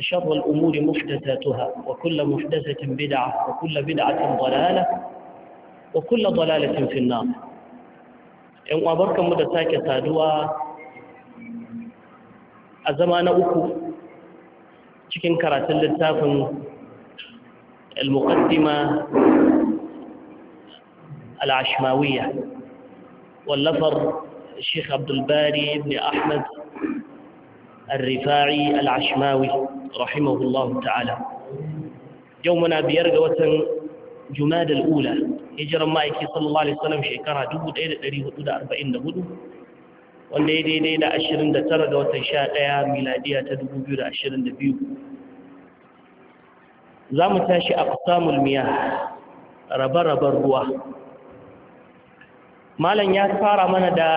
شر الأمور محدثاتها وكل محدثة بدعة وكل بدعة ضلالة وكل ضلالة في النار إن أبرك مدتاك تادوا أزمان أكو تكن كرات اللتاف المقدمة العشماوية واللفظ الشيخ عبد الباري بن أحمد الرفاعي العشماوي رحمه الله تعالى يومنا بيرغ وطن جماد الأولى hijiran ma'aiki sallallahu alaihi wasallam shekara 1444 wanda ya daidai da 29 ga watan 11 miladiya ta 2022 za mu tashi a kusamul miya rabe-raben ruwa malam ya fara mana da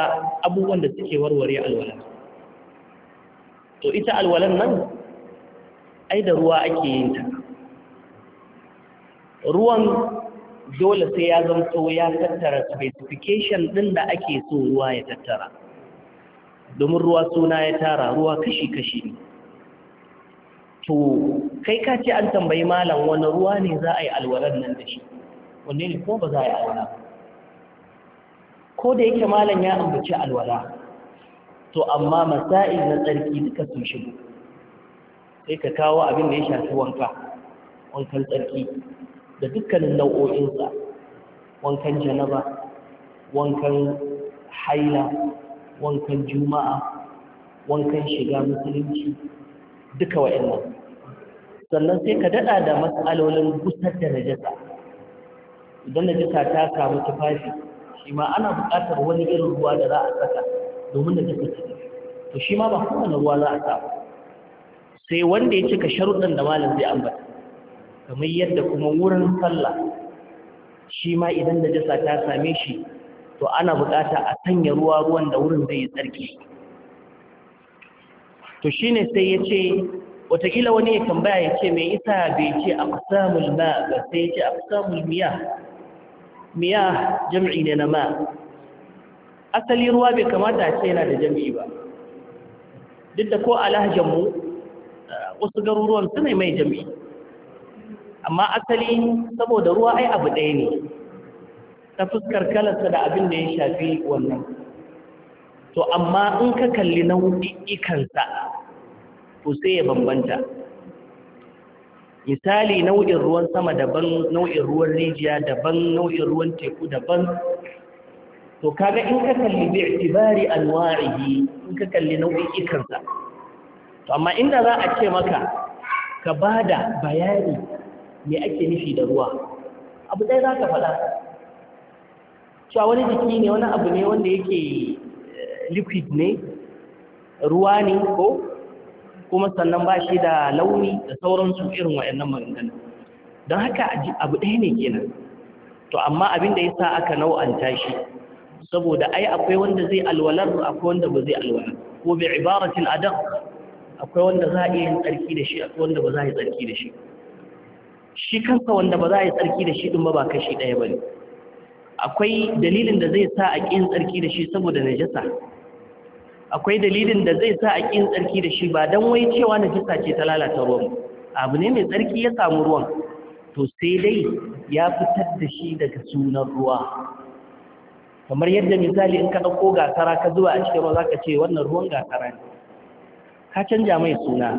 abubuwan da suke warware alwala to ita alwalan nan ai da ruwa ake yin ta ruwan dole sai ya zamto ya tattara specification din da ake so ruwa ya tattara domin ruwa suna ya tara ruwa kashi-kashi ne to kai ka ce an tambayi malam wani ruwa ne za a yi alwalan nan da shi wanne ne ko ba za a yi alwala ko da yake malam ya ambaci alwala to amma masa'il na tsarki duka sun shigo sai ka kawo abin da ya shafi wanka wankan tsarki da dukkanin nau'o'insa wankan janaba wankan haila wankan juma'a wankan shiga musulunci duka wa'annan sannan sai ka daɗa da matsalolin gusar da najasa idan najasa ta samu tufafi shi ma ana buƙatar wani irin ruwa da za a saka domin da take to shi ma ba kowane ruwa za a sa sai wanda ya cika sharuɗan da malam zai ambata kamar yadda kuma wurin sallah shi ma idan da jasa ta same shi to ana bukata a sanya ruwa ruwan da wurin zai yi tsarki to shine sai ya ce watakila wani ya tambaya ya ce mai isa bai ce a ma sai ya ce a kusamul miya miya jam'i ne na ma asali ruwa bai kamata a ce yana da jam'i ba duk da ko alhajanmu eh, wasu garuruwan suna mai jam'i amma asali saboda ruwa ai abu ɗaya ne ta fuskar kalarsa da abin da ya shafi wannan to amma in ka kalli nau'ikansa to sai ya bambanta misali nau'in ruwan sama daban nau'in ruwan rijiya daban nau'in ruwan teku daban to kaga in ka kalli bi itibari anwa'ihi in ka kalli nau'i'ikan sa to amma inda za a ce maka ka bada bayani me ake nufi da ruwa abu dai za ka faɗa cewa wani jiki ne wani abu ne wanda yake eh, liquid ne ruwa ne ko kuma sannan ba shi da launi da sauransu irin waɗannan maganganu don haka abu ɗaya ne kenan to amma abin da ya aka nau'anta shi saboda ai akwai wanda zai alwalar akwai wanda ba zai alwalar ko bi ibaratil adab akwai wanda za a iya yin tsarki da shi akwai wanda ba za a yi tsarki da shi shi kansa wanda ba za a yi tsarki da shi din ba ba kashi ɗaya ba ne akwai dalilin da zai sa a ƙin tsarki da shi saboda najasa akwai dalilin da zai sa a ƙin tsarki da shi ba don wai cewa najasa ce ta lalata ruwan abu ne mai tsarki ya samu ruwan to sai dai ya fitar da shi daga sunan ruwa kamar yadda misali in ka ɗauko gasara ka zuwa a cikin ruwa za ka ce wannan ruwan gasara ne ka canja mai suna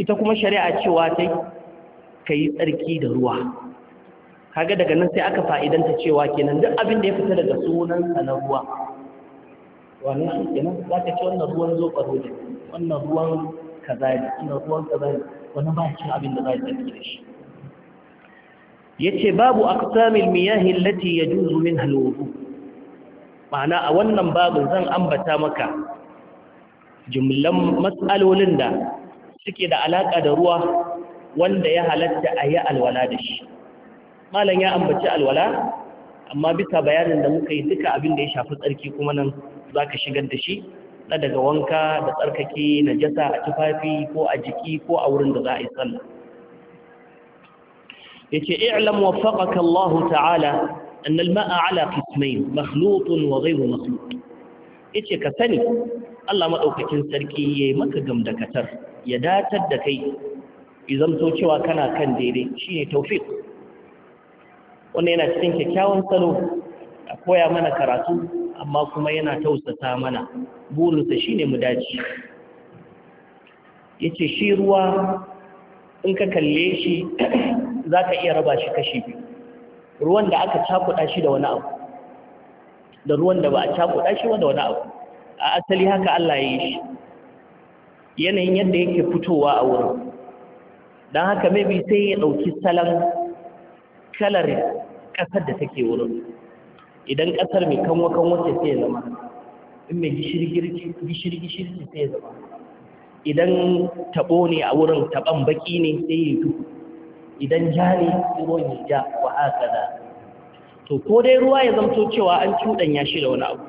ita kuma shari'a cewa ta ka yi tsarki da ruwa kaga daga nan sai aka fa'idanta cewa kenan duk abin da ya fita daga sunansa na ruwa wannan shi kenan za ka ce wannan ruwan zoɓaro ne wannan ruwan kaza ne wannan ruwan kaza ne wannan ba cin abin da za ya tsarki da shi ya ce babu aqsamil miyahi allati ya minha min halwudu ma'ana a wannan babin zan ambata maka jumlan matsalolin da suke da alaƙa da ruwa wanda ya halatta a yi alwala da shi malam ya ambaci alwala amma bisa bayanin da muka yi duka abin da ya shafi tsarki kuma nan za ka shigar da shi na daga wanka da tsarkake na jasa a tufafi ko a jiki ko a wurin da za a yi sallah ya ce i'lam waffaqaka Allah ta'ala أن الماء على قسمين مخلوط وغير مخلوط yace ka sani Allah madaukakin sarki yayi maka katar. ya datar da kai izamto cewa kana kan daidai shine tawfiq wannan yana cikin kyakkyawan salo a koya mana karatu amma kuma yana tausasa mana burinsa shine mu dace yace shi ruwa in ka kalle shi zaka iya raba shi kashi ruwan da aka cakuɗa shi da wani abu da ruwan da ba a cakuɗa shi da wani abu a asali haka Allah ya yi shi yanayin yadda yake fitowa a wurin don haka maybe sai ya ɗauki salon kalar ƙasar da take wurin idan ƙasar mai kanwa-kanwa ce sai ya zama in mai gishiri-gishiri sai ya zama idan taɓo ne a wurin taɓan baƙi ne sai ya duhu idan ja ne ruwan ya ja wa haka da to ko dai ruwa ya zamto cewa an cuɗanya shi da wani abu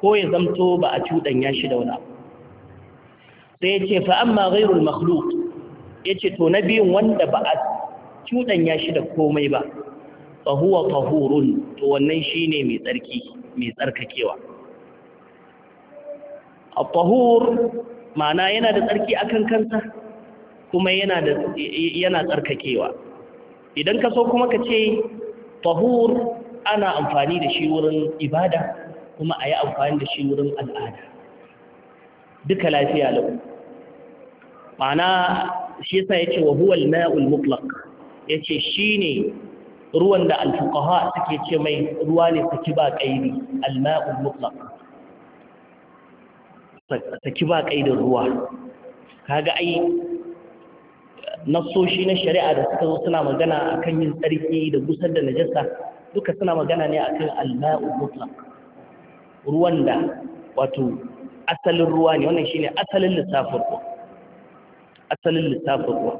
ko ya zamto ba a cuɗanya shi da wani abu sai ya ce fa'amma gairul makhluk ya ce to na biyun wanda ba a cuɗanya shi da komai ba fahuwa fahurun to wannan shi ne mai tsarki mai tsarkakewa a fahur ma'ana yana da tsarki akan kansa kuma yana da yana tsarkakewa idan ka so kuma ka ce tahur ana amfani da shi wurin ibada kuma a yi amfani da shi wurin al'ada duka lafiya lau ma'ana shi sa ya ce wa huwa al-ma'ul ya ce shi ne ruwan da alfukaha suke ce mai ruwa ne saki ba ƙaidi al-ma'ul saki ba ƙaidin ruwa kaga ai nassoshi na shari'a da suka zo suna magana akan yin tsarki da gusar da najasa duka suna magana ne akan alma'u mutlaq ruwan da wato asalin ruwa ne wannan shine asalin lissafin ruwa asalin lissafin ruwa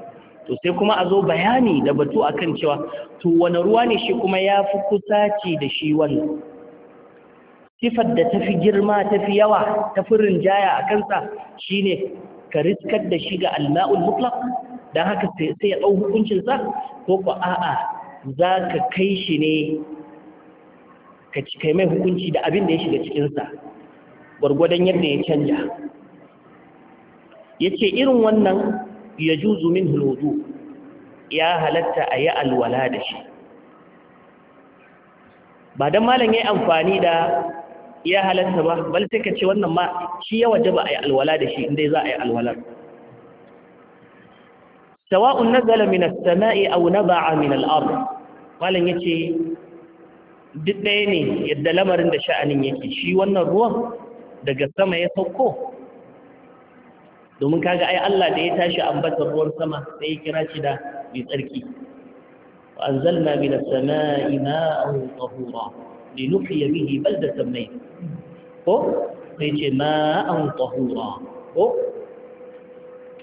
to sai kuma a zo bayani da batu akan cewa to wani ruwa ne shi kuma ya fi kusaci da shi wani? sifar da tafi girma tafi yawa tafi rinjaya a kansa shine ka riskar da shi ga alma'ul mutlaq don haka sai ya ɗau hukuncinsa ko ko a'a za ka kai shi ne ka kai mai hukunci da abin da ya shiga cikinsa gwargwadon yadda ya canja ya ce irin wannan ya juzu min hulodu ya halatta a yi alwala da shi ba don malam ya yi amfani da ya halatta ba bal sai ka ce wannan ma shi ya waje ba a yi alwala da shi inda za a yi alwalar sawa'un nazala min as-sama'i aw naba'a min al-ard malan yace duk ɗaya ne yadda lamarin da sha'anin yake shi wannan ruwan daga sama ya sauko domin kaga ai Allah da ya tashi ambatar ruwan sama sai ya kira shi da mai tsarki wa anzalna min as-sama'i ma'an tahura linuhyiya bihi baldatan mayyit ko sai ce ma'an tahura ko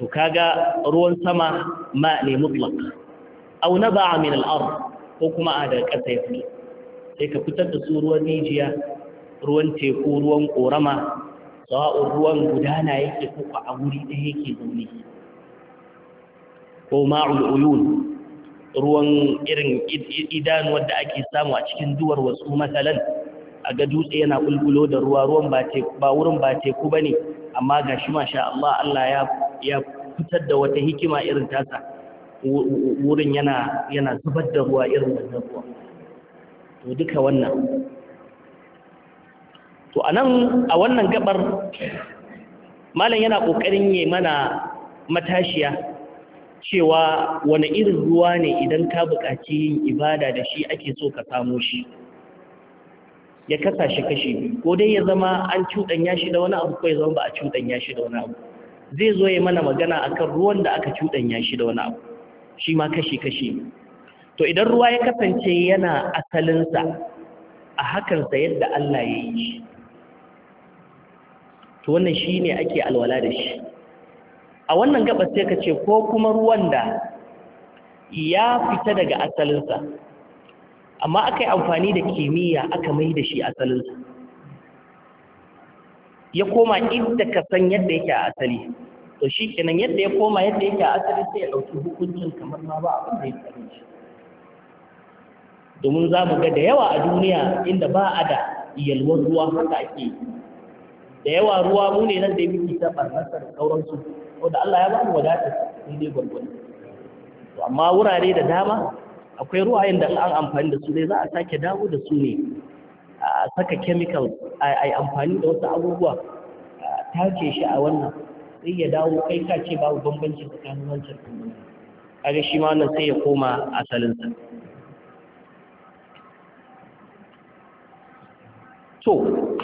to kaga ruwan sama ma ne mutlaq aw naba'a min al-ard ko kuma a daga ƙasa ya fito sai ka fitar da su ruwan rijiya ruwan teku ruwan korama sawa'un ruwan gudana yake ko a wuri ɗaya yake zaune ko ma'ul uyun ruwan irin idanuwar da ake samu a cikin duwar wasu matsalan a ga dutse yana bulbulo da ruwa ruwan ba wurin ba teku ba ne amma ga shi masha Allah Allah ya ya fitar da wata hikima irin tasa wurin yana yana zubar da ruwa irin wannan ruwa to duka wannan to anan a wannan gabar malam yana kokarin yi mana matashiya cewa wani irin ruwa ne idan ka buƙaci yin ibada da shi ake so ka samu shi ya kasa shi kashi ko dai ya zama an cuɗanya shi da wani abu ko ya zama ba a cuɗanya shi da wani abu zai zo ya mana magana akan ruwan da aka cuɗanya shi da wani abu shi ma kashi-kashi to idan ruwa ya kasance yana asalinsa a hakansa yadda Allah ya yi to wannan shi ne ake alwala da shi a wannan gabas sai ka ce ko kuma ruwan da ya fita daga asalinsa amma aka yi amfani da kimiyya aka mai da shi asalinsa ya koma inda ka san yadda yake a asali to shi kenan yadda ya koma yadda yake a asali sai ya ɗauki hukuncin kamar ma ba abin da ya tsare shi domin za mu ga da yawa a duniya inda ba a da yalwar ruwa haka ake yi da yawa ruwa mu ne nan da muke ta barnarsa da ko da Allah ya ba mu wadata in dai gwargwado to amma wurare da dama akwai ruwayen da an amfani da su dai za a sake dawo da su ne a saka chemical a amfani da wasu abubuwa tace shi a wannan sai ya dawo kai ka ce babu bambanci tsakanin wancan kaga shi ma wannan sai ya koma asalinsa to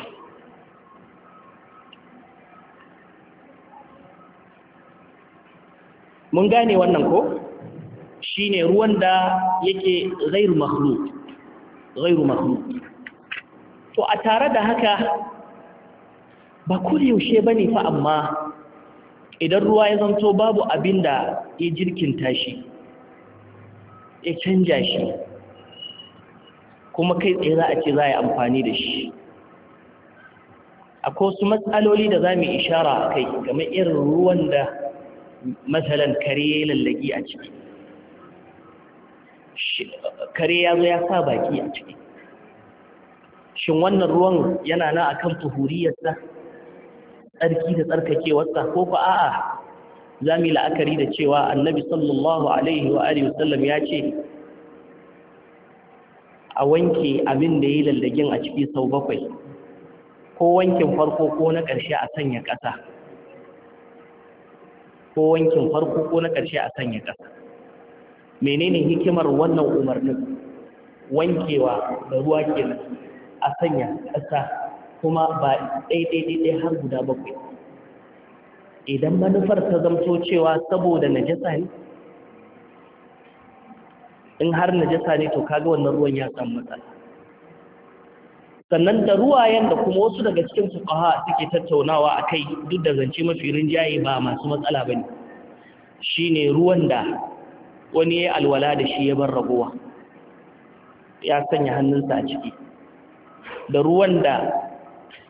mun gane wannan ko shine ruwan da yake ghairu makhluq ghairu makhluq to a tare da haka ba yaushe ba ne fa amma idan ruwa ya zanto babu abin da ya jirkinta shi ya canja shi kuma kai tsaye za a ce za a yi amfani da shi akwai wasu matsaloli da za mu ishara kai game irin ruwan da matsalan kare ya lallaki a ciki kare ya zo ya sa baki a ciki shin wannan ruwan yana na a kan tuhuriyarsa tsarki da tsarkakewarsa ko ko a'a za mu yi la'akari da cewa annabi sallallahu alaihi wa alihi wasallam ya ce a wanke abin da ya yi lallagin a ciki sau bakwai ko wankin farko ko na ƙarshe a sanya ƙasa ko wankin farko ko na ƙarshe a sanya ƙasa menene hikimar wannan umarnin wankewa da ruwa kenan a sanya ƙasa kuma ba ɗaiɗaiɗaiɗai har guda bakwai idan manufar ta zamto cewa saboda najasa ne in har najasa ne to kaga wannan ruwan ya samu matsala sannan da ruwayen da kuma wasu daga cikin fukaha suke tattaunawa a kai duk da zance mafi rinjaye ba masu matsala ba ne, shi ne ruwan da wani ya alwala da shi ya bar ragowa ya sanya hannunsa a ciki da ruwan da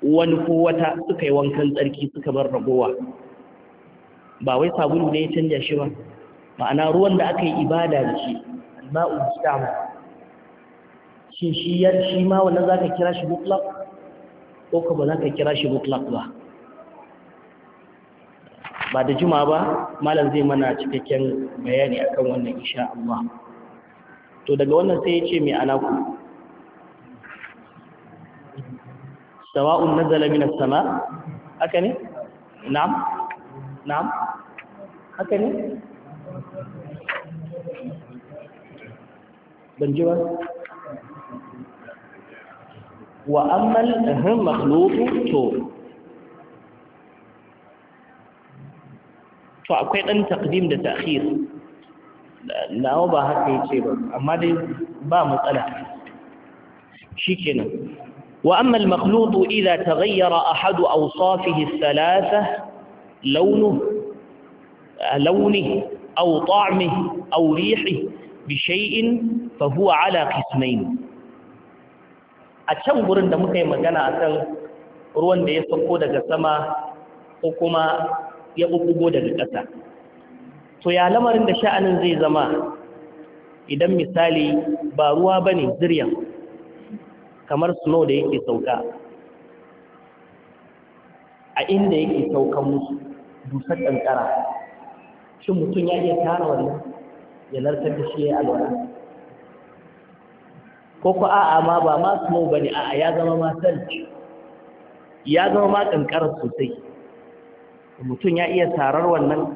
wani ko wata suka yi wankan tsarki suka bar ragowa ba wai sabulu ne ya canja shi ba ma'ana ruwan da aka yi ibada da shi ma'u islamu shin shi ya shi ma wannan zaka kira shi mutlaq ko ka ba zaka kira shi mutlaq ba ba da juma ba malam zai mana cikakken bayani akan wannan insha Allah to daga wannan sai ya ce mai anaku سواء نزل من السماء أكني نعم نعم أكني بنجوا وأما الهم مخلوق تو فأكوي أن تقديم ده تأخير لا هو بهاك يصير أما ده بقى مسألة شيء كنا وأما المخلوط إذا تغير أحد أوصافه الثلاثة لونه لونه أو طعمه أو ريحه بشيء فهو على قسمين أتشان قرن دمكي مجانا أتل روان دي سكو دك سما وكما يقوقو دك أتا تو يعلم رند شأن زي زما إذا مثالي باروا بني kamar snow da yake sauka a inda yake saukan musu dusar kankara shi mutum ya iya tara wannan ya lartar da shi ya alwala ko ko a'a ma ba ma snow ba ne a'a ya zama ma salji ya zama ma kankarar sosai mutum ya iya tarar wannan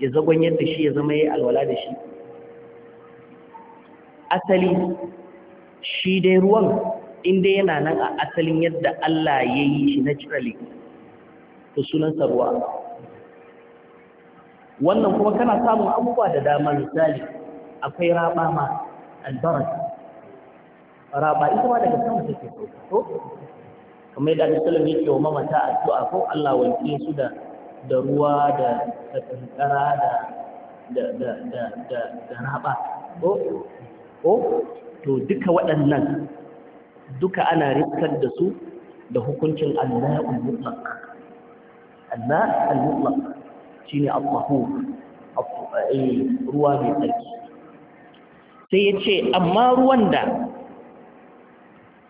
ya zagon yadda shi ya zama ya alwala da shi asali shi dai ruwan in dai yana nan a asalin yadda Allah ya yi shi naturally to sunansa ruwa wannan kuma kana samun abubuwa da dama misali akwai raba ma albarat raba ita ma daga sama take to kamar yadda Alisalam ya ce wa mamata addu'a ko Allah wanke su da da ruwa da da kankara da da da da da raba ko ko to duka waɗannan duka ana rikar da su da hukuncin Allah al-mutlaq Allah al-mutlaq shine al-tahur eh, ruwa mai tsarki sai ya ce amma ruwan da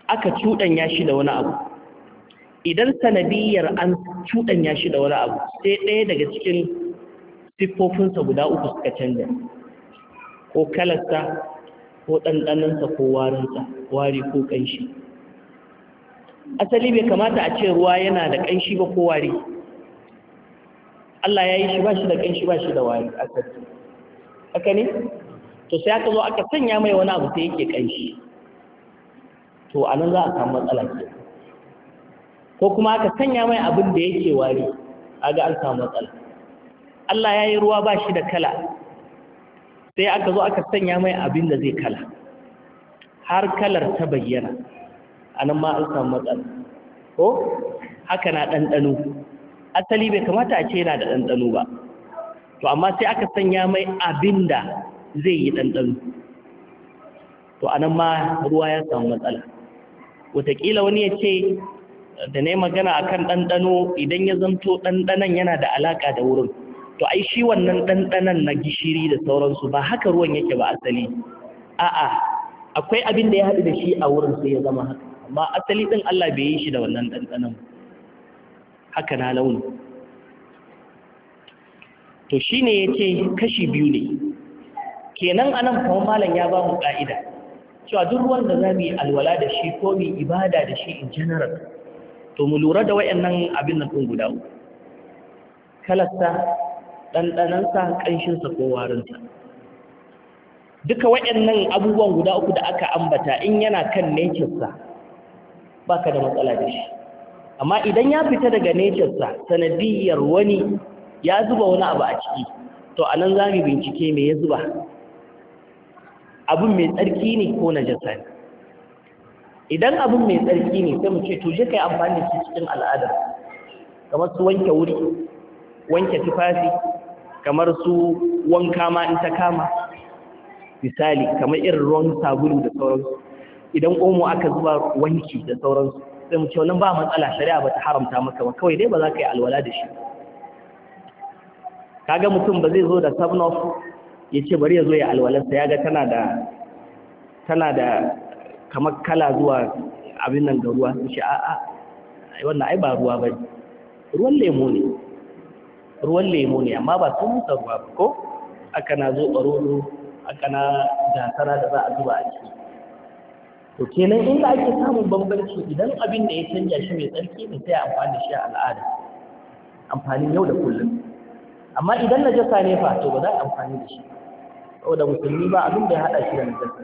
aka cuɗanya shi da wani abu idan sanadiyar an cuɗanya shi da wani abu sai ɗaya daga cikin siffofinsa guda uku suka canja ko kalarsa ko ɗanɗanansa ko warinsa wari ko ƙanshi asali bai kamata a ce ruwa yana da ƙanshi ba ko wari Allah ya yi shi ba shi da ƙanshi ba shi da wari asali haka ne to sai aka zo aka sanya mai wani abu sai yake ƙanshi to a nan za a samu matsala ke ko kuma aka sanya mai abin da yake wari a ga an samu matsala Allah ya yi ruwa ba shi da kala sai aka zo aka sanya mai abin da zai kala har kalar ta bayyana a nan ma an samu matsala ko haka na ɗanɗano asali bai kamata a ce yana da ɗanɗano ba to amma sai aka sanya mai abin da zai yi ɗanɗano to a nan ma ruwa ya samu matsala wataƙila wani ya ce da na yi magana a kan ɗanɗano idan ya zanto ɗanɗanon yana da alaƙa da wurin to ai shi wannan ɗanɗanan na gishiri da sauransu ba haka ruwan yake ba asali a'a akwai abin da ya haɗu da shi a wurin sai ya zama haka amma asali ɗin Allah bai yi shi da wannan ɗanɗanan haka na launi to shi ne ya ce kashi biyu ne kenan anan kamar malam ya ba mu ƙa'ida cewa duk ruwan da za mu yi alwala da shi ko mu yi ibada da shi in general to mu lura da wayannan abin nan ɗin guda uku kalarsa ɗanɗanansa ƙanshinsa ko warinsa duka waɗannan abubuwan guda uku da aka ambata in yana kan necinsa ba ka da matsala da shi amma idan ya fita daga necinsa sanadiyar wani ya zuba wani abu a ciki to a nan za mu bincike me ya zuba abin mai tsarki ne ko na jasa ne idan abin mai tsarki ne sai mu ce to je kai amfani da shi cikin al'adar kamar su wanke wuri wanke tufafi kamar su wanka ma in ta kama misali kamar irin ruwan sabulu da sauransu idan omo aka zuba wanki da sauransu sai mu ce wannan ba matsala shari'a ba ta haramta maka ba kawai dai ba za ka yi alwala da shi kaga mutum ba zai zo da sabnof ya ce bari ya zo ya alwalarsa ya ga tana da tana da kamar kala zuwa abin nan ga ruwa su shi a'a wannan ai ba ruwa ba ruwan lemo ne ruwan lemu ne amma ba sun musa ruwa ba ko aka na zo ɓaroro aka na gasara da za a zuba a ciki to kenan inda ake samun bambanci idan abin da ya canja shi mai tsarki ne sai amfani da shi a al'ada amfanin yau da kullum amma idan na jasa ne fa to ba za a amfani da shi da musulmi ba abin da ya haɗa shi da najasa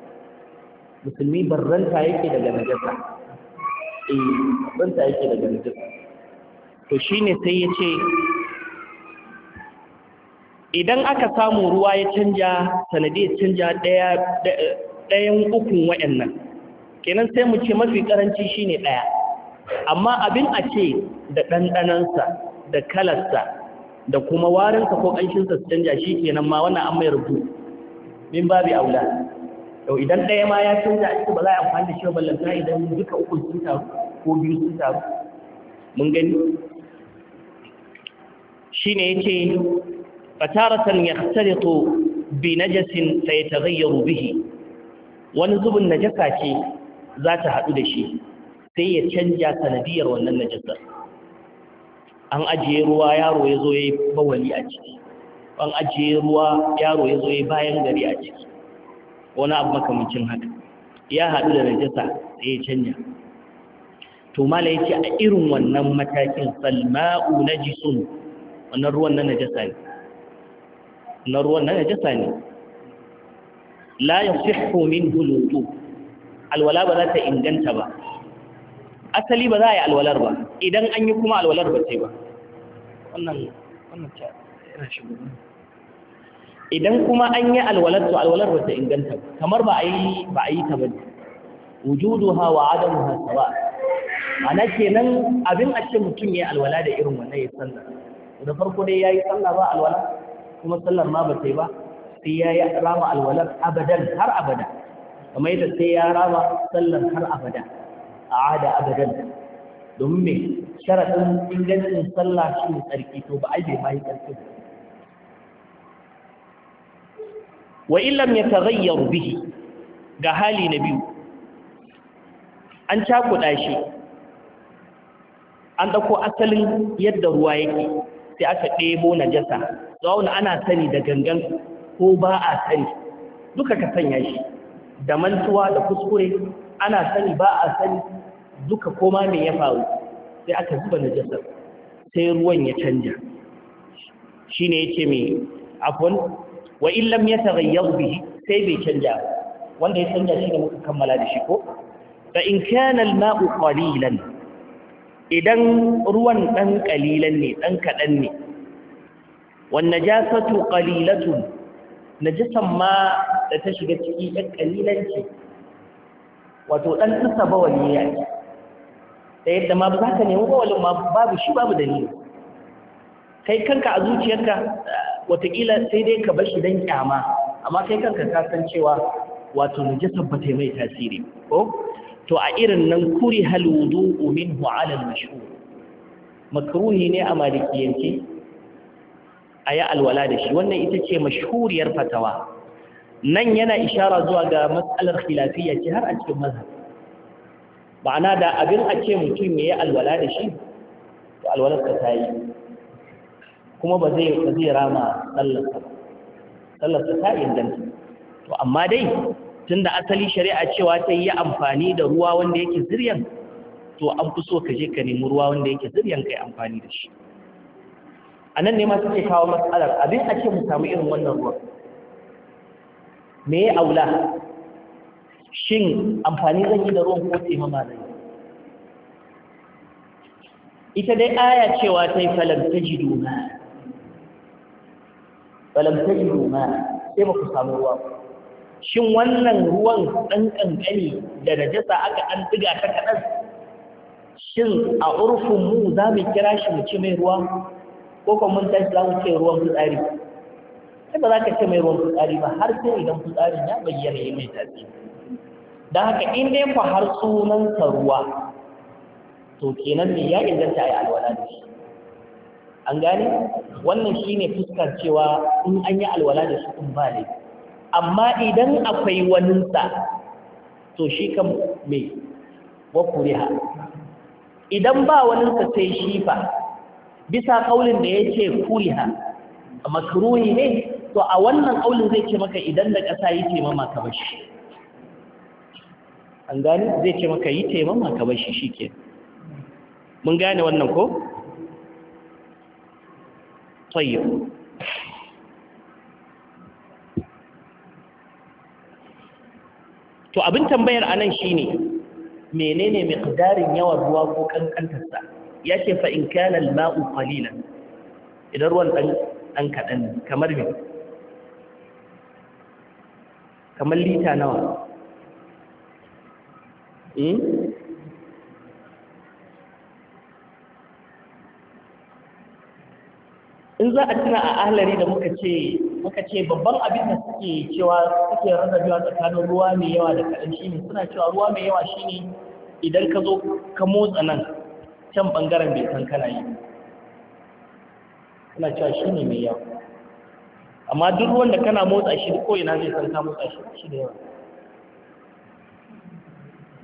musulmi barranta yake daga najasa eh barranta yake daga najasa to shine sai ya ce idan aka samu ruwa ya canja sanadiyar canja ɗayan ukun wa'annan kenan sai mu ce mafi ƙaranci shine ɗaya amma abin a ce da ɗanɗanansa da kalarsa da kuma warinsa ko ƙanshinsa su canja shi kenan ma wannan an mai rubu min babi aula yau idan ɗaya ma ya canja a ba za a amfani da shi ballanta idan duka ukun sun taru ko biyu sun taru mun gani shi ne ya ce فتارة يختلط بنجس فيتغير به ونزب النجفة ذات حدود شيء sai ya canja sanadiyar wannan najasar an ajiye ruwa yaro ya zo ya yi bawali a ciki an ajiye ruwa yaro ya zo ya yi bayan gari a ciki wani abu makamancin haka ya haɗu da najasa sai ya canja to mala ya ce a irin wannan matakin salma'u najisun wannan ruwan na najasa ne na ruwan nan najasa ne la yasihhu minhu al-wudu alwala ba za ta inganta ba asali ba za a yi alwalar ba idan an yi kuma alwalar ba sai ba wannan wannan ta yana shi idan kuma an yi alwalar to alwalar ba ta inganta ba kamar ba a yi ba a yi ta ba wujuduha wa adamuha sawa ana kenan abin a ce mutum ya yi alwala da irin wannan ya sallah da farko dai ya yi sallah ba alwala kuma sallar ma ba sai ba sai ya yi rama alwalar abadan har abada kamar yadda sai ya rama sallar har abada a ada abadan domin me sharaɗin ingancin sallah shi ne tsarki to ba aje ma yi tsarki wa illam ya tagayyar bihi ga hali na biyu an cakuɗa shi an ɗauko asalin yadda ruwa yake sai aka ɗebo najasa zaune ana sani da gangan ko ba a sani duka ka sanya shi da mantuwa da kuskure ana sani ba a sani duka koma mai ya faru sai aka zuba najasar sai ruwan ya canja shi ne ya ce mai afon wa illam ya tagayyar bihi sai bai canja wanda ya canja shi da muka kammala da shi ko Ba in kyanar al-ma'u idan ruwan ɗan ƙalilan ne ɗan kaɗan ne wanne jasatu ƙalilatun jisan ma da ta shiga ciki ɗan ƙalilan ce wato ɗan ba wani ya ce ta yadda ma ba za ka nemi kawalin ma babu shi babu dalili kai kanka a zuciyarka watakila sai dai ka bashi don kyama amma kai kanka ka san cewa wato najasar ba ta mai tasiri ko to a irin nan kuri halwudu minhu ala al-mashhur makruhi ne a malikiyanci ayi alwala da shi wannan ita ce mashhuriyar fatawa nan yana ishara zuwa ga matsalar khilafiyya ce har a cikin mazhab ma'ana da abin a ce mutum ya yi alwala da shi to alwalarsa ta yi kuma ba zai ba zai rama tsallarsa. Tsallarsa ta inganta to amma dai tunda asali shari'a cewa ta yi amfani da ruwa wanda yake ziryan to an fi so ka je ka nemi ruwa wanda yake ziryan kai amfani da shi a nan ne ma suke kawo matsalar abin a ce mu samu irin wannan ruwan me ya aula shin amfani zan yi da ruwan ko taimama zan yi ita dai aya cewa ta yi ji doma ji doma sai ba ku samu ruwa shin wannan ruwan ɗan ƙanƙani da najasa aka ɗan ɗiga ta kaɗan shin a mu za mu kira shi mu ci mai ruwa ko kuma mun tashi za mu ce ruwan fitsari sai ba za ka ce mai ruwan fitsari ba har sai idan fitsarin ya bayyana yi mai tafi. don haka in dai ku har sunansa ruwa to kenan me ya inganta a yi alwala da shi an gane wannan shine fuskar cewa in an yi alwala da shi in ba laifi amma idan akwai waninsa to shi kan mai ha. idan ba waninsa sai shi fa bisa kaulin da ya ce kuriha makruhi ne to a wannan kaulin zai ce maka idan da ƙasa yi taimama ka bashi an gani zai ce maka yi taimama ka bashi shi ke mun gane wannan ko? tsayyar to abin tambayar a nan shi ne, menene miqdarin yawan ruwa ko kankantarsa Ya ce fa in kana al-ma'u qalilan idan ruwan dan dan kadan kamar me kamar lita nawa eh in za a tuna a ahlari da muka ce muka ce babban abin da suke cewa suke rarrabewa tsakanin ruwa mai yawa da kaɗan shine suna cewa ruwa mai yawa shine idan ka zo ka motsa nan can ɓangaren bai san kana yi suna cewa shi ne mai yawa amma duk ruwan da kana motsa shi ko ina zai san ka motsa shi shi da yawa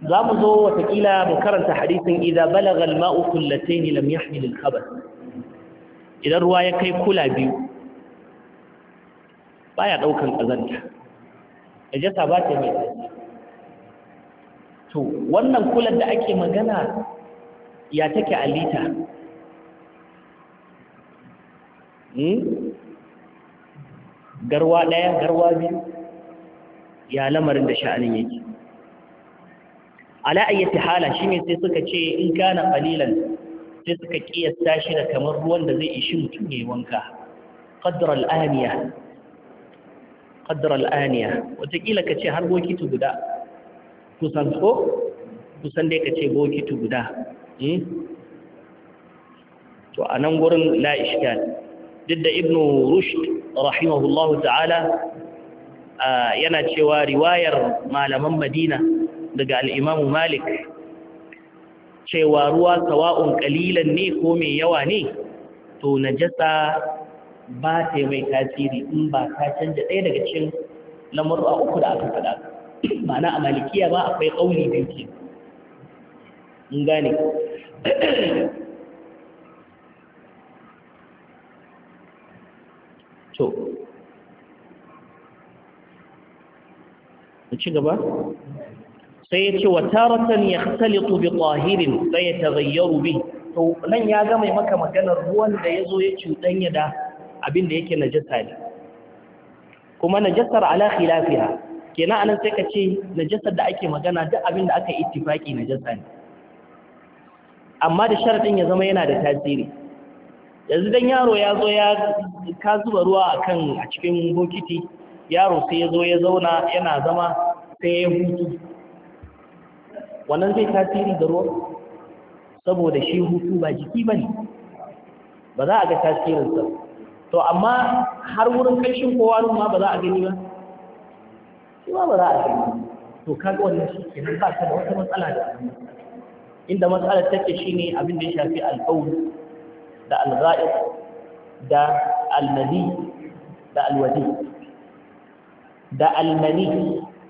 za mu zo watakila mu karanta hadisin idan balagal ma'ukullatai ne lam yahmil al idan ruwa ya kai kula biyu baya daukan kazanta najasa ba ta mai to wannan kular da ake magana ya take a lita hmm? garwa ɗaya garwa biyu ya lamarin da sha'anin yake ala ayyati hala shine sai suka ce in kana qalilan sai suka kiyasta shi da kamar ruwan da zai ishi mutum yayin wanka qadra al qadra al'aniya watakila ka ce har bokiti guda kusan ko kusan dai ka ce bokiti guda hmm? to a nan gurin la ishkal duk da ibn rushd rahimahullahu ta'ala yana cewa riwayar malaman madina daga al'imamu malik cewa ruwa sawa'un ƙalilan ne ko mai yawa ne to najasa ba ta yi mai tasiri in ba ta canja ɗaya daga cikin lamaru a uku da aka faɗa ma'ana a malikiya ba akwai ƙauli da ke in gane to ci gaba sai ya ce wa taratan ya khalitu bi tahirin sai ya taghayyaru bi to nan ya ga mai maka maganar ruwan da yazo ya cudanya da abin da yake najasa ne kuma najasar ala khilafiha kenan anan sai ka ce najasar da ake magana duk abin da aka ittifaki najasa ne amma da sharadin ya zama yana da tasiri yanzu dan yaro ya zo ya ka zuba ruwa akan a cikin bokiti yaro sai ya zo ya zauna yana zama sai ya hutu wannan zai tasiri da ruwa saboda shi hutu ba jiki bane ba za a ga tasirinsa to amma har wurin kanshin kowa nun ma ba za a gani ba shi ma ba za a gani to kaga wannan shi ke nan ba ta da wata matsala da inda matsalar take shi ne abin da ya shafi alƙawl da alghaib da almadi da alwadi da almani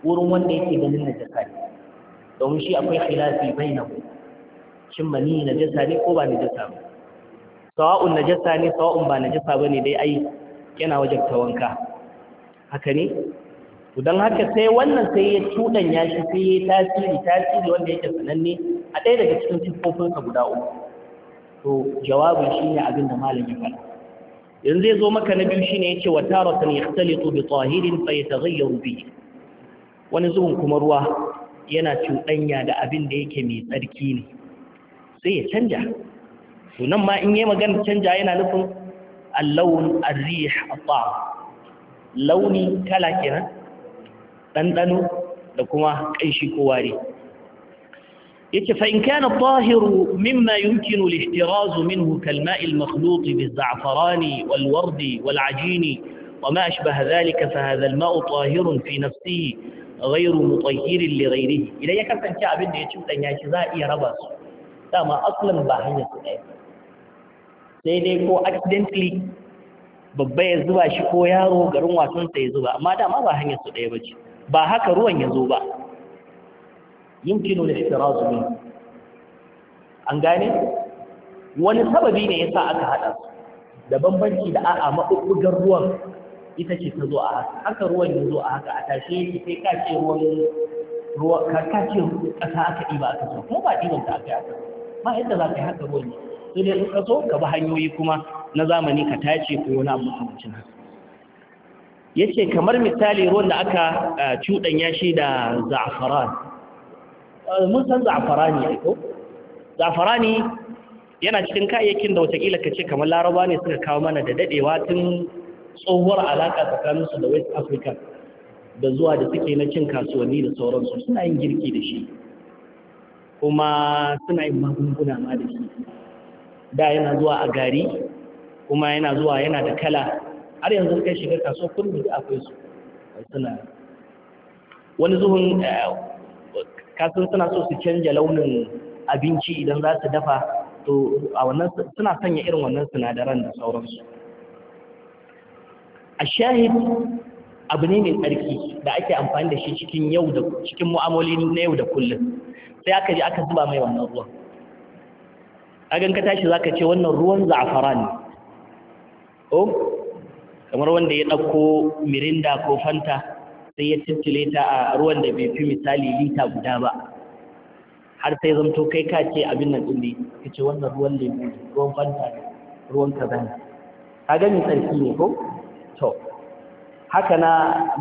wurin wanda yake ganin jaka ne domin shi akwai khilafi bainahu shin mani najasa ne ko ba ni najasa ba sawa'un najasa ne sawa'un ba najasa ne dai ai yana wajabta wanka haka ne don haka sai wannan sai ya cuɗanya shi sai ya tasiri tasiri wanda yake sananne a ɗaya daga cikin siffofinsa guda uku to jawabin shi ne abin da malam ya faɗa yanzu ya zo maka na biyu shi ne ya ce wa taratan yaxtalitu bi tahirin fa yataghayyaru rubi wani zuwan kuma ruwa yana cuɗanya da abin da yake mai tsarki ne sai ya canja to nan ma in yi magana canja yana nufin allawun arrih at-ta'am launi kala kenan dandano da kuma kanshi ko wari yace fa in kana at-tahiru mimma yumkinu al-ihtiraz minhu kal-ma'i al-makhlut bi-az-za'farani wal-wardi wal-ajini وما أشبه ذلك فهذا الماء طاهر في نفسه غير مطهر لغيره إذا يكفن كعب أن يشوف أن يشزاء ربس كما أصلا باهية سنة sai dai ko accidentally babba ya zuba shi ko yaro garin wasansa ya zuba amma dama ba hanyar su ɗaya bace ba haka ruwan ya zo ba yumkinu al-ihtirazu min an gane wani sababi ne yasa aka hada su da bambanci da a'a maɓuɓɓugar ruwan ita ce ta zo a haka haka ruwan ya zo a haka a tashe shi sai ka ce ruwan ruwa ka ka ce ka aka ɗiba aka zo ko ba ɗiban ta aka yi aka ba yadda za ka yi haka ruwan zo. sai dai in ka so ka bi hanyoyi kuma na zamani ka tace ko wani abu makamancin haka yace kamar misali ruwan da aka eh, cuɗanya shi da za'afaran eh, mun san za'afarani ai ko za'afarani yana cikin kayayyakin da watakila ka ce kamar laraba ne suka kawo mana da dadewa tun tsohuwar alaka tsakaninsu da west africa da zuwa da suke na cin kasuwanni da sauransu suna yin girki da shi kuma suna yin magunguna ma da shi da yana zuwa a gari kuma yana zuwa yana da kala har yanzu kai shiga kaso kullum da akwai su suna wani zuhun eh, kasan suna so su canja launin abinci idan za su dafa to a wannan suna sanya irin wannan sinadaran da sauransu a shahid abu ne mai tsarki da ake amfani da shi cikin yau da cikin mu'amali na yau da kullum sai aka je aka zuba mai wannan ruwan agan ka tashi zaka ce wannan ruwan za'afaran Ko kamar wanda ya dauko mirinda ko fanta sai ya ciccile ta a ruwan da bai fi misali lita guda ba har sai zamto kai ka ce abin nan din ne ka ce wannan ruwan lemu ruwan fanta ne ruwan kaza ne ka gani tsarki ne ko to haka na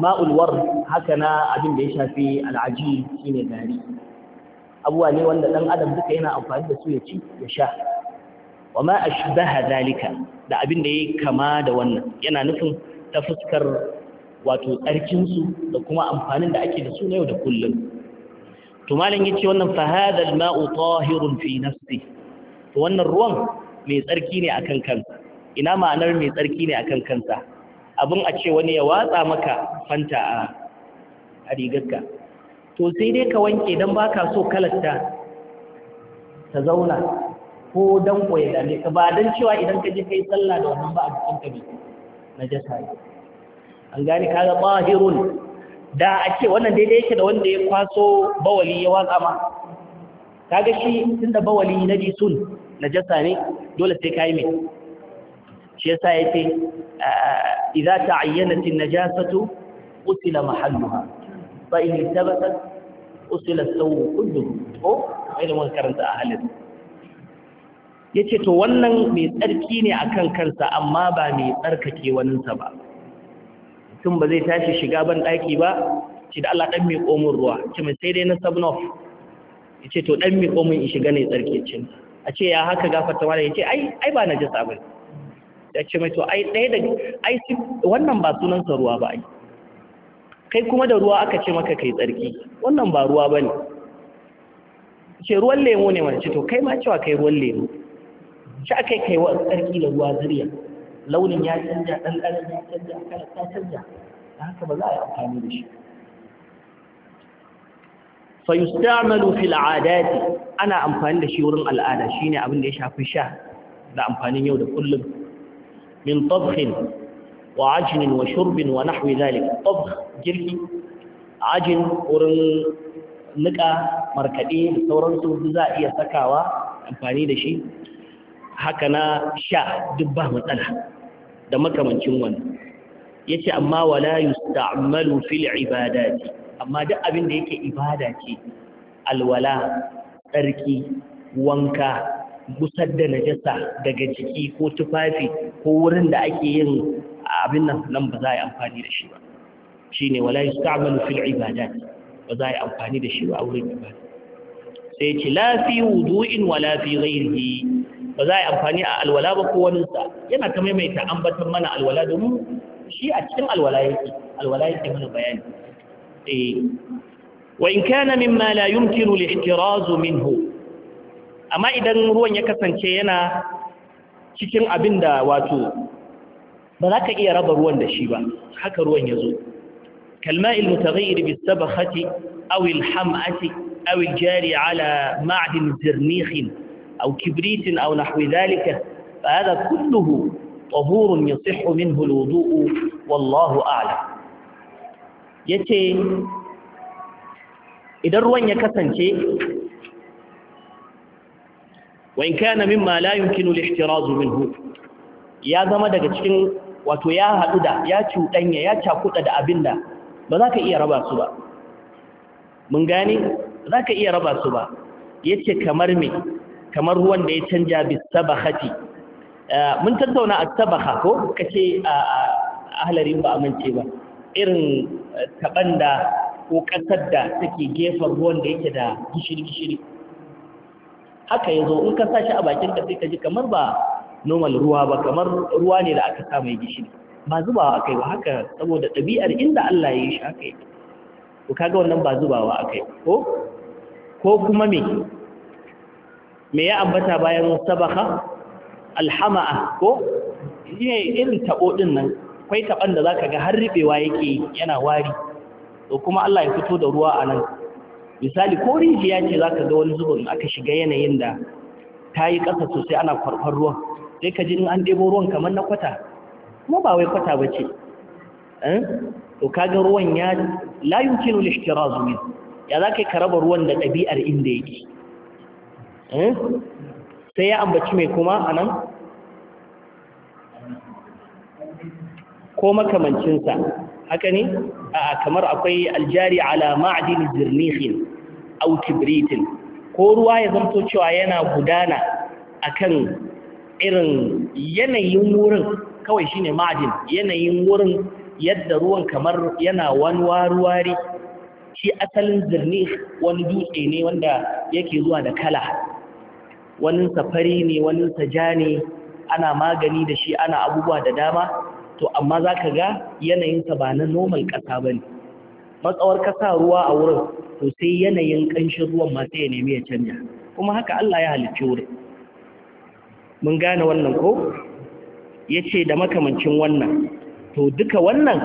ma'ulwar haka na abin da ya shafi al'aji shine gari abuwa ne wanda ɗan adam duka yana amfani da su ya ci ya sha wa ma ashbaha zalika da abin da yayi kama da wannan yana nufin ta fuskar wato tsarkin su da kuma amfanin da ake da su na yau da kullum to malam yace wannan fa hadha al-ma'u tahirun fi nafsi to wannan ruwan mai tsarki ne akan kansa ina ma'anar mai tsarki ne akan kansa abin a ce wani ya watsa maka fanta a rigarka to sai dai ka wanke don ba ka so kalasta ta zauna ko don koya dame ka ba don cewa idan ka ji kai sallah da wannan ba a cikin ka ne na jasa ne an gane ga bahirun da a ce wannan daidai yake da wanda ya kwaso bawali ya watsa ma kaga shi tunda bawali na ji sun na jasa ne dole sai ka yi mai shi yasa ya ce ah, idza ta'ayyanat an-najasatu qutila mahalluha fa in tabatat usila sau kullum ko ai da muka karanta a halin yace to wannan mai tsarki ne akan kansa amma ba mai tsarkake waninsa ba tun ba zai tashi shiga ban daki ba ce da Allah dan mai komun ruwa ce mai sai dai na sabnof yace to dan mai komun in shiga ne tsarki cin a ce ya haka gafarta mala yace ai ai ba na ji ya ce mai to ai ɗaya da ai wannan ba sunan sa ruwa ba ai kai kuma da ruwa aka ce maka kai tsarki wannan ba ruwa ba ne ce ruwan lemo ne mace to kai ma cewa kai ruwan lemo shi aka kai wa tsarki da ruwa zuriya launin ya canja ɗanɗanin ya canja kala ta canja da haka ba za a yi amfani da shi fa yustamalu fil adati ana amfani da shi wurin al'ada shine abin da ya shafi sha da amfanin yau da kullum min tabkhin وعجن وشرب ونحو ذلك طبخ جركي عجن ورن nika markaɗe da sauransu za a iya sakawa amfani da shi haka na sha duk matsala da makamancin wani ya ce amma wala yusta'malu fil ibadati amma duk abin da yake ibada ce alwala tsarki wanka gusar da najasa daga jiki ko tufafi ko wurin da ake yin abin nan ba za a yi amfani da shi ba shi ne wala yi sa'amalu fil ibada. ba za a yi amfani da shi ba a wurin ibada sai ce la fi wudu'in wala fi ghairihi ba za a yi amfani a alwala ba ko wani sa yana ta maimaita ambatan mana alwala da mu. shi a cikin alwala yake alwala yake mana bayani eh, wa in kana mimma la yumkinu al-ihtiraz minhu amma idan ruwan ya kasance yana cikin abin da wato ba za ka iya raba ruwan da shi ba haka ruwan ya zo kalma ilmutaghayyir bis sabakhati aw al ham'ati aw al jari ala ma'din zirnikh aw kibrit aw nahwi dhalika fa hada kulluhu tahurun yasihhu minhu al wudu' wallahu a'lam yace idan ruwan ya kasance wa in kana mimma la yumkinu al ihtiraz minhu ya zama daga cikin wato ya haɗu da ya cuɗanya ya cakuɗa da abin da ba za ka iya raba su ba mun gane za ka iya raba su ba ya ce kamar me kamar ruwan da ya canja bisabahati eh, mun tattauna a sabaha ko ka ce a halarin ba amince ba irin eh, taɓan da ko ƙasar da take gefen ruwan da yake da gishiri-gishiri haka ya zo in ka sashi a bakin ka sai ka ji kamar ba normal ruwa ba kamar ruwa ne da aka sa mai gishiri ba zubawa akai ba haka saboda ɗabi'ar inda Allah ya yi shi haka yake to kaga wannan ba zubawa akai ko ko kuma me me ya ambata bayan sabaka alhama'a ko ne irin tabo din nan akwai taban da zaka ga har ribewa yake yana wari to kuma Allah ya fito da ruwa anan. misali ko rijiya ce zaka ga wani zubin aka shiga yanayin da tayi ƙasa sosai ana kwarkwar ruwan sai ka ji in an ɗebo ruwan kamar na kwata kuma ba wai kwata ba ce eh? to kaga ruwan ya la yumkinu al-ihtiraz min ya zaka ka raba ruwan da ɗabi'ar inda yake eh? sai ya ambaci mai kuma anan ko makamancinsa haka ne a kamar akwai aljari ala ma'adin zirnihin aw kibritin ko ruwa ya zanto cewa yana gudana akan irin yanayin wurin kawai shine ma'adin yanayin wurin yadda ruwan kamar yana wani waruwari shi asalin zirni wani dutse ne wanda yake zuwa da kala wani safari ne wani saja ne ana magani da shi ana abubuwa da dama to amma za ka ga yanayinsa ba na normal ƙasa ba ne matsawar kasa ruwa a wurin to sai yanayin ƙanshin ruwan masu yanayi ya nemi canja kuma haka Allah ya halicci wurin mun gane wannan ko ya ce da makamancin wannan to duka wannan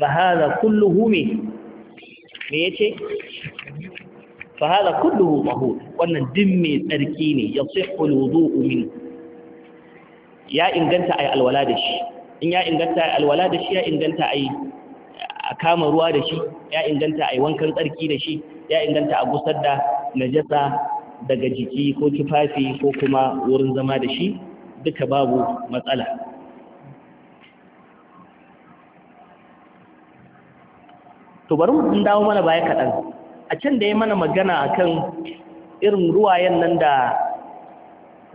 fahaza kulluhu me me ya ce fahaza kulluhu mahu wannan din mai tsarki ne ya sihul zuwa min ya inganta a yi alwala da shi in ya inganta a yi alwala da shi ya inganta ai a kama ruwa da shi ya inganta a yi wankan tsarki da shi ya inganta a gusar da najasa daga jiki ko tufafi ko kuma wurin zama da shi duka babu matsala to bari mu dawo mana baya kaɗan a can da ya mana magana akan irin ruwayen nan da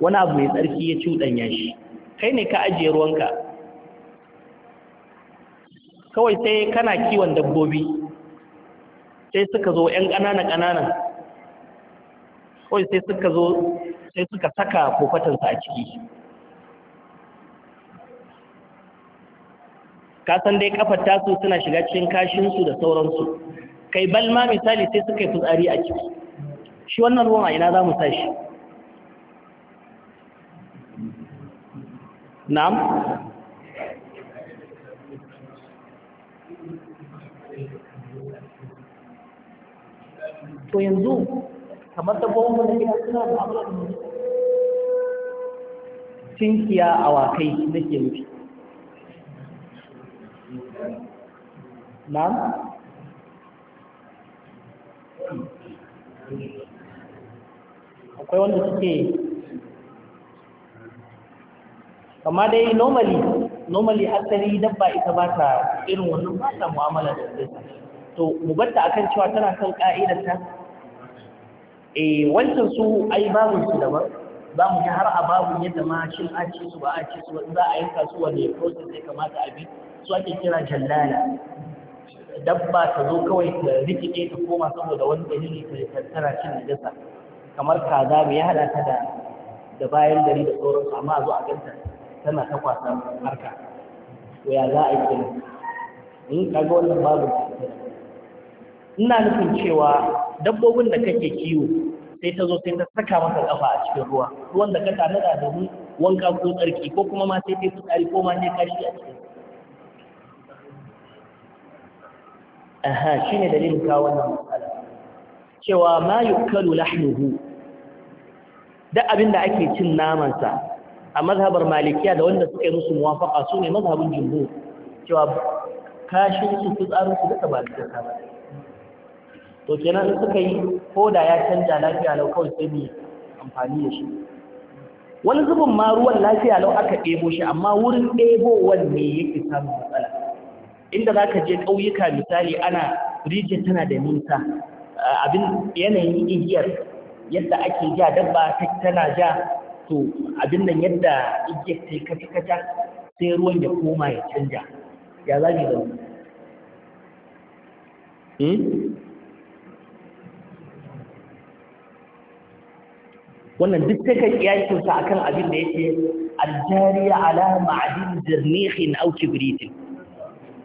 wani abu mai tsarki ya cuɗanya shi kai ne ka ajiye ruwanka kawai sai kana kiwon dabbobi sai suka zo 'yan ƙanana ƙananan kawai sai suka zo sai suka saka kofatansa a ciki kasan dai kafar tasu suna shiga cikin kashinsu da sauransu kai bal ma misali sai suka yi fitsari a ciki shi wannan ruwan a ina za mu tashi na'am to yanzu kamar dabbobin da nake suna da abu da a wakai da ke nufi na'am akwai wanda suke kama dai normally normally asali dabba ita ba ta irin wannan ba ta mu'amala da su. to mu batta akan cewa tana kan ka'idar ta eh wancan su ai babu su daban za mu ji har a babu yadda ma shin a ce su ba a ce su za a yanka su ya process sai kamata a bi su ake kira jallala dabba ta zo kawai ta rikide ta koma saboda wani dalili ta tattara cin najasa kamar kaza mai ya hada ta da da bayan gari da su amma a zo a ganta tana ta kwasa harka to ya za a yi in hmm, kaga wannan babu ina nufin cewa dabbobin da kake kiwo sai ta zo sai ta saka maka kafa a cikin ruwa ruwan da ka da domin wanka ko tsarki ko kuma ma sai ta yi fitsari ko ma ne kashi a cikin aha shine dalilin kawo wannan matsala cewa ma yukalu lahmuhu duk abin da ake cin namansa a mazhabar malikiya da wanda suka yi musu muwafaqa su mazhabin jumhur cewa kashin su fitsarin su duka ba su da ba to kenan in suka yi ko da ya canja lafiya lau kawai sai mu amfani da shi wani zubin ma ruwan lafiya lau aka ɗebo shi amma wurin ɗebowar ne yake samun matsala inda za ka je ƙauyuka misali ana rijiyar tana da nisa abin yanayin igiyar yadda ake ja dabba tana ja to abin nan yadda igiyar ta yi kaca sai ruwan ya koma ya canja ya za wannan duk take kiyasin sa akan abin da yake aljariya ala ma'adin zarnihin au kibritin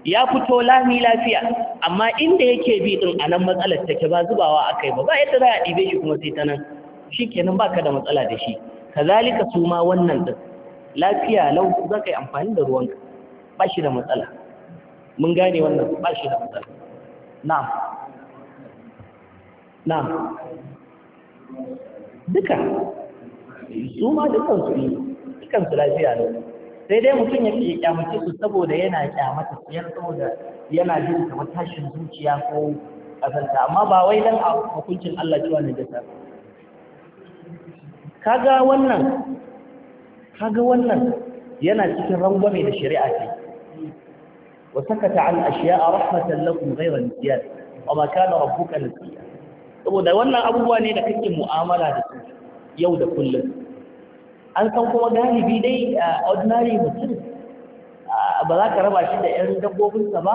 ya fito lami lafiya amma inda yake bi din anan matsalar take ba zubawa akai ba ba yadda za a dibe shi kuma sai ta nan shikenan baka da matsala da shi kazalika su ma wannan din lafiya lau za ka yi amfani da ruwanka ba shi da matsala mun gane wannan ba shi da matsala na'am na'am duka su ma dukan su yi dukan su lafiya ne sai dai mutum ya ke kyamace su saboda yana kyamata su yan saboda yana jin kamar tashin zuciya ko kasanta, amma ba wai dan a hukuncin Allah cewa ne jasa kaga wannan kaga wannan yana cikin rangwame da shari'a ce wa sakata an ashiya'a rahmatan lakum ghayra nisyan wa ma kana rabbuka nasiya saboda wannan abubuwa ne da kake mu'amala da su yau da kullum an san kuma galibi dai a ordinary mutum ba za ka raba shi da 'yan dabbobinsa ba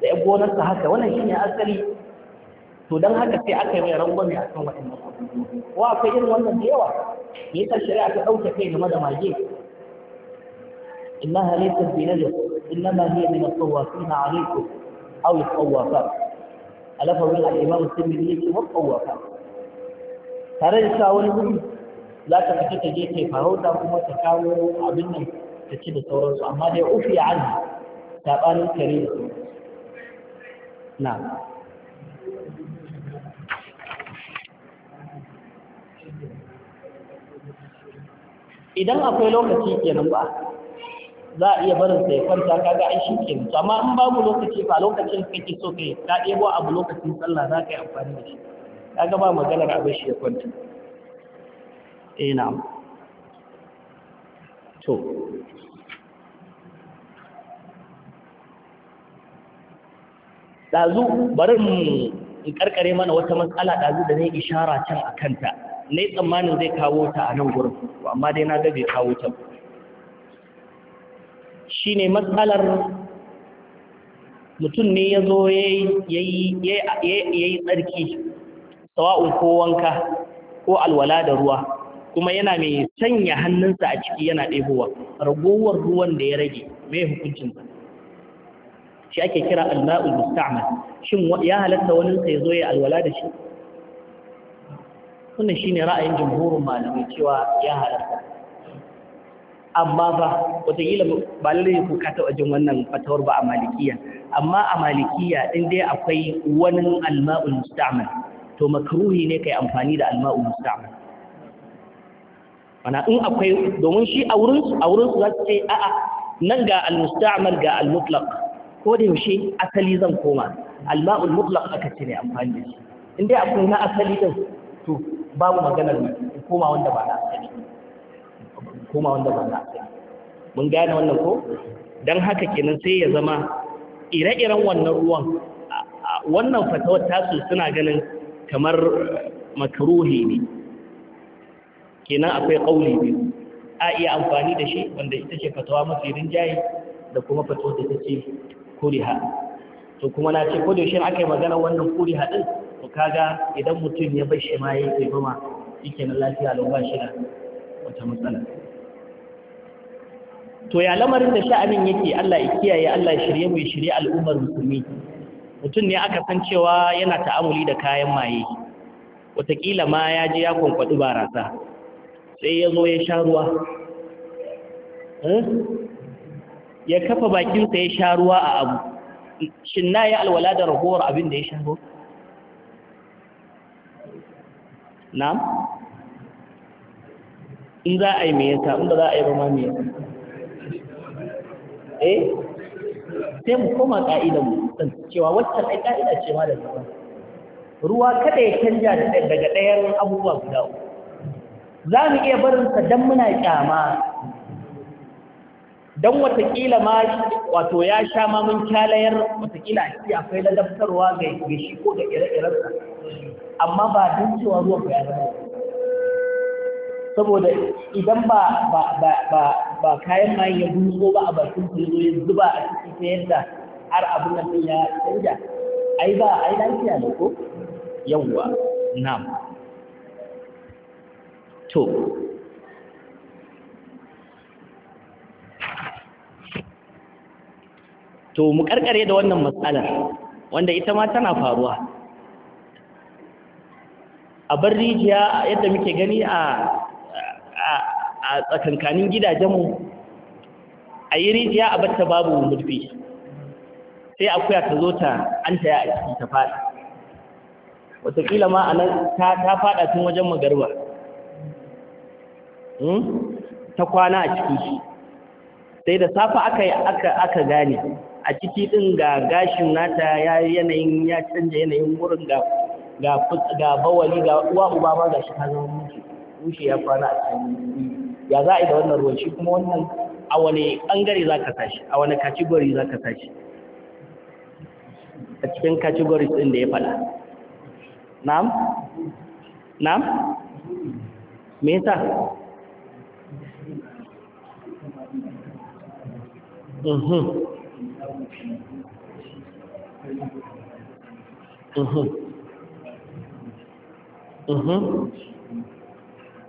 da 'yan gonarsa haka wannan shi ne asali to don haka sai aka yi mai rangwame a kan waɗannan wa akwai irin wannan da yawa me yasa shari'a ta ɗauke kai game da mage inna halittar bi inna innama hiya min at-tawafin alaykum aw at-tawafat a lafawin al'imam musulmi yake ka tare da sa wani gudu za ta fita ta je farauta kuma ta kawo abin nan ta ci da sauransu amma dai ufi ya hannu saɓanin kare da su na idan akwai lokaci kenan ba za a iya barin sai kwanta kaga ai shi ke to amma in babu lokaci fa lokacin da kake so kai ka ɗebo abu lokacin sallah za ka yi amfani da shi kaga ba maganar abin shi ya kwanta eh na'am to ɗazu bari in karkare mana wata matsala dazu da zai ishara can a kanta na tsammanin zai kawo ta a nan gurin amma dai na ga bai kawo ta ba Shi ne matsalar mutum ne ya zo ya yi tsarki sawa'un ko wanka ko alwala da ruwa kuma yana mai sanya hannunsa a ciki yana ɗebowa ragowar ruwan da ya rage mai ba shi ake kira alma'ul musta'mal shin ya halatta wani ya zo ya alwala da shi wannan shine ra'ayin jumhurin malamai cewa ya halatta amma ba wataƙila ba lallai ku ka taɓa jin wannan fatawar ba a malikiya amma a malikiya din dai akwai wani alma'ul musta'mal to makruhi ne kai amfani da alma'ul musta'mal mana in akwai domin shi a wurin a wurin su za ce a'a nan ga al-musta'mal ga al-mutlaq ko da yaushe asali zan koma alma'ul mutlaq aka ce ne amfani da shi in dai akwai na asali din to babu maganar koma wanda ba na koma wanda ba na mun gane wannan ko don haka kenan sai ya zama ire-iren wannan ruwan wannan fatawar tasu suna ganin kamar makaruhi ne kenan akwai ƙauli biyu a iya amfani da shi wanda ita ce fatawa mafi rinjaye da kuma fatawar da ta ce kuriha to kuma na ce ko da yaushe aka yi magana wannan kuriha din to kaga idan mutum ya bar shi ma ya yi tsibima shi kenan lafiya lau shi da wata matsala to ya lamarin da sha'anin yake Allah ya kiyaye Allah ya shirye mu ya shirye al'ummar musulmi mutum ne aka san cewa yana ta'amuli da kayan maye wataƙila ma ya ji ya kwankwaɗi barasa sai ya zo ya sha ruwa eh? ya kafa bakinsa ya sha ruwa a abu shin na yi alwala da ragowar abin da ya sha ruwa na in za a yi me yasa in ba za a yi ba ma me yasa eh sai mu koma ƙa'ida mu cewa wata ai ka'ida ce ma da ruwa ruwa kada ya canja daga ɗayan abubuwa guda uku za mu iya barin sa muna kyama Don watakila ma wato ya sha ma mun kyalayar watakila ciki akwai ladabtarwa ga shi ko da ire-irensa amma ba don cewa ruwa ba ya zama saboda idan ba ba ba ba ba kayan mayan ya bulko ba a bakin ku ya zuba a cikin ta yadda har abin nan ya canja ai ba ai lafiya da ko yawwa na'am to to mu karkare da wannan matsalar wanda ita ma tana faruwa a bar rijiya yadda muke gani a a tsakankanin gidajenmu a yi rijiya a batta babu murfi sai akuya ta zo ta an taya a ciki ta faɗi wataƙila ma a nan ta faɗa tun wajen magarba hmm? ta kwana a ciki sai da safa aka aka aka gane a ciki ɗin ga gashin nata ya yanayin ya canja yanayin wurin ga ga ga bawali ga uwa uba ma shi ta zama mushi ya kwana a cikin ya za a yi da wannan ruwan shi kuma wannan a wani ɓangare za ka tashi a wani category za ka tashi a cikin kategori ɗin da ya faɗa na'am na'am me yasa mhm mhm mhm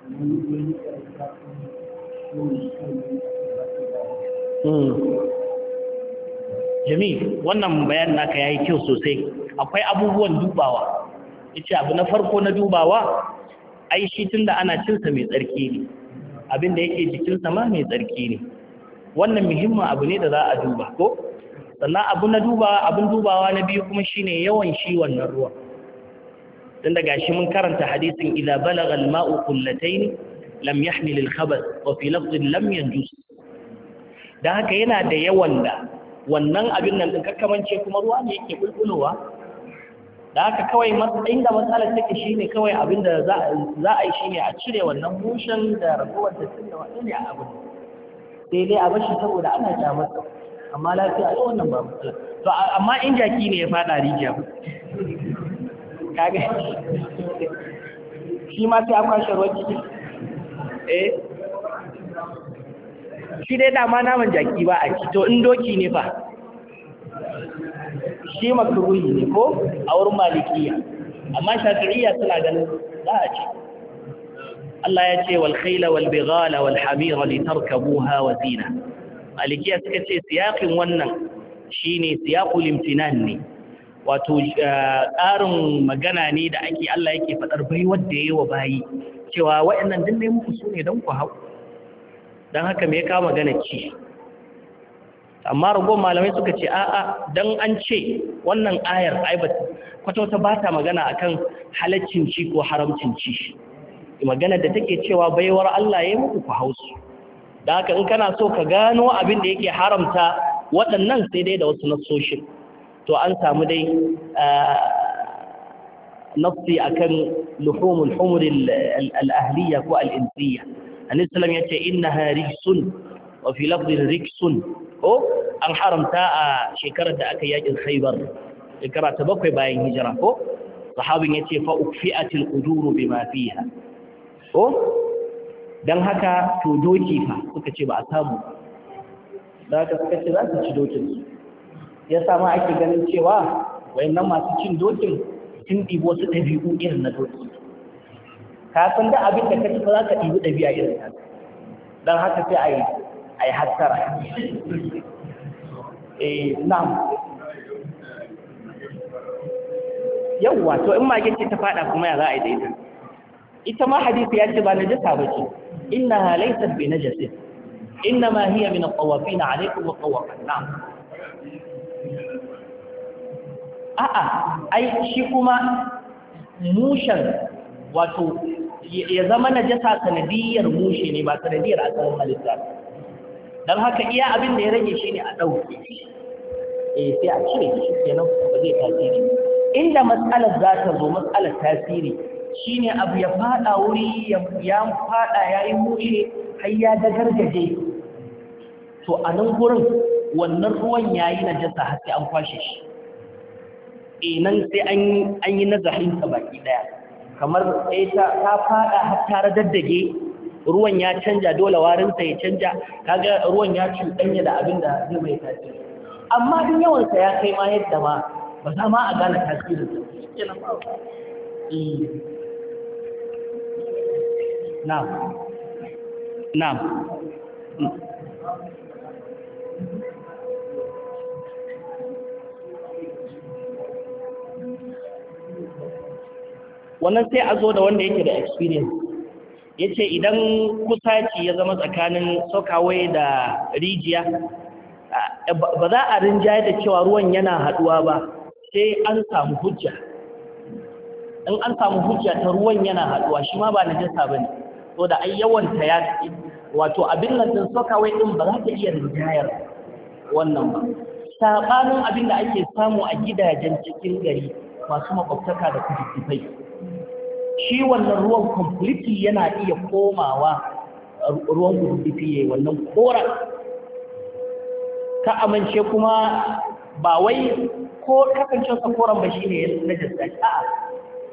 Hmm. jami wannan bayan naka ya yi kyau sosai akwai abubuwan dubawa ita abu na farko na dubawa ai shi tun da ana cinsa mai tsarki ne abinda yake jikinsa ma mai tsarki ne wannan muhimmin abu ne da za a duba ko sannan abu na dubawa abin dubawa na biyu kuma shine yawan shi wannan ruwan dan gashi mun karanta hadisin idza balagha al-ma'u qullatayn lam yahmil al-khabath wa fi lafdhin lam yanjus dan haka yana da yawan da wannan abin nan din kakkamance kuma ruwa ne yake bulbulowa da haka kawai inda matsalar take shine kawai abin da za a yi shine a cire wannan mushin da ragowar da tun da wani a abin sai dai a bashi saboda ana kyamar amma lafiya a wannan ba matsala to amma in jaki ne ya fada rijiya kaga shi ma sai an kwashe ruwan ciki eh shi dai dama naman jaki ba a ci to in doki ne fa shi makruhi ne ko a wurin malikiya amma shafi'iyya suna ganin za a ci Allah ya ce wal khayla wal bighala wal hamira tarkabuha wa zina malikiya suka ce siyaqin wannan shine siyaqul imtinan ne wato eh, tsarin magana ne da ake Allah yake faɗar bai ya yi wa bayi cewa waɗannan din ne muku su ne don ku hau don haka me ya kawo magana ce amma rago malamai suka ce a'a dan an ce wannan ayar ai ba kwatauta ba ta magana akan halaccin ci ko haramcin ci magana da take cewa baiwar Allah ya yi muku ku hau su da haka in kana so ka gano abin da yake haramta waɗannan sai dai da wasu nasoshin to an samu dai ah, nafsi akan luhumul humur al-ahliya ko al-insiya annabi sallam yace innaha rijsun wa fi lafdhin rijsun ko an haramta a shekarar da aka yakin Khaibar shekara ta bakwai bayan hijira ko sahabin yace fa ukfi'atil quduru bima fiha ko dan haka to doki fa suka ce ba a samu da ka suka ce za su ci dokin su ya sama ake ganin cewa nan masu cin dokin sun ɗibo su ɗabi'u irin na doki kafin da abin da ka ci za ka ɗibi ɗabi'a irin ta don haka sai a yi a yi hattara eh, wato in mage ce ta fada kuma ya za a yi daidai ita ita ma hadisi ya ce ba najasa ba ce innaha laysat bi najasin innama hiya min at-tawafin alaykum wa 'na. a'a ai shi kuma mushen wato ya zama na jasa sanadiyar mushe ne ba sanadiyar asalin halitta don haka iya abin da ya rage shi ne a ɗauke eh sai a cire shi kenan ba zai tasiri inda matsalar za ta zo matsalar tasiri shine abu ya fada wuri ya fada yayi mushe har ya dagargaje to a nan gurin wannan ruwan yayi jasa har sai an kwashe shi Eh, nan sai an yi eh, ta baki ɗaya kamar sai ta faɗa har ta daddage ruwan ya canja dole warinsa ya canja kaga ruwan ya cuɗanya da abin da zai mai tasiri amma din yawansa ya kai ma yadda ma ba za ma a gane tasirin eh. na'am na'am hmm. wannan sai a zo da wanda yake da experience ya ce idan kusaci ya zama tsakanin sokawai da rijiya ba za a rinjaye da cewa ruwan yana haduwa ba sai an samu hujja in an samu hujja ta ruwan yana haduwa shi ma ba najasa ba ne to da ai yawanta ya wato abin nan din sokawai din ba za ta iya rinjayar wannan ba sabanin abin da ake samu a gidajen cikin gari masu makwabtaka da kududdufai shi wannan ruwan kompliti yana iya komawa ruwan kududufi ya wannan kora ka amince kuma ba wai ko kasancewarsa koren ba shi ne ya najasa a'a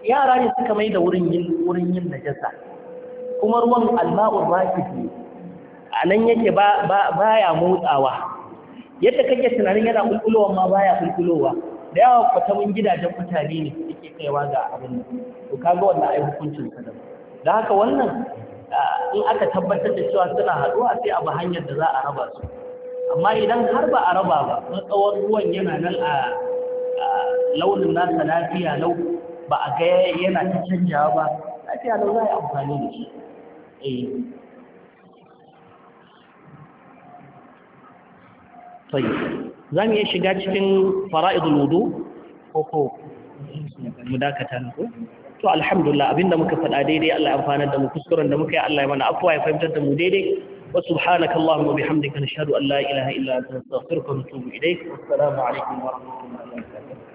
yara ne suka mai da wurin yin na jasa kuma ruwan ba su ne a nan yake ba baya motsawa yadda kake tunanin yana kulkulowa ma baya kulkulowa da yawa kwatamin gidajen mutane ne suke kaiwa ga abin to kaga wannan ai hukuncin sa da haka wannan in aka tabbatar da cewa suna haɗuwa sai a ba hanyar da za a raba su amma idan har ba a raba ba na tsawon ruwan yana nan a launin nasa lafiya lau ba a ga yana ta canjawa ba lafiya lau za a yi amfani da shi eh za mu iya shiga cikin fara'idul wudu ko ko mu dakata ne ko to alhamdulillah abinda muka faɗa daidai Allah ya amfana da mu kuskuren da muka yi Allah ya mana afwa ya fahimtar da mu daidai wa subhanaka allahumma bihamdika nashhadu an la ilaha illa anta nastaghfiruka wa natubu ilayk wassalamu alaikum wa rahmatullahi wa barakatuh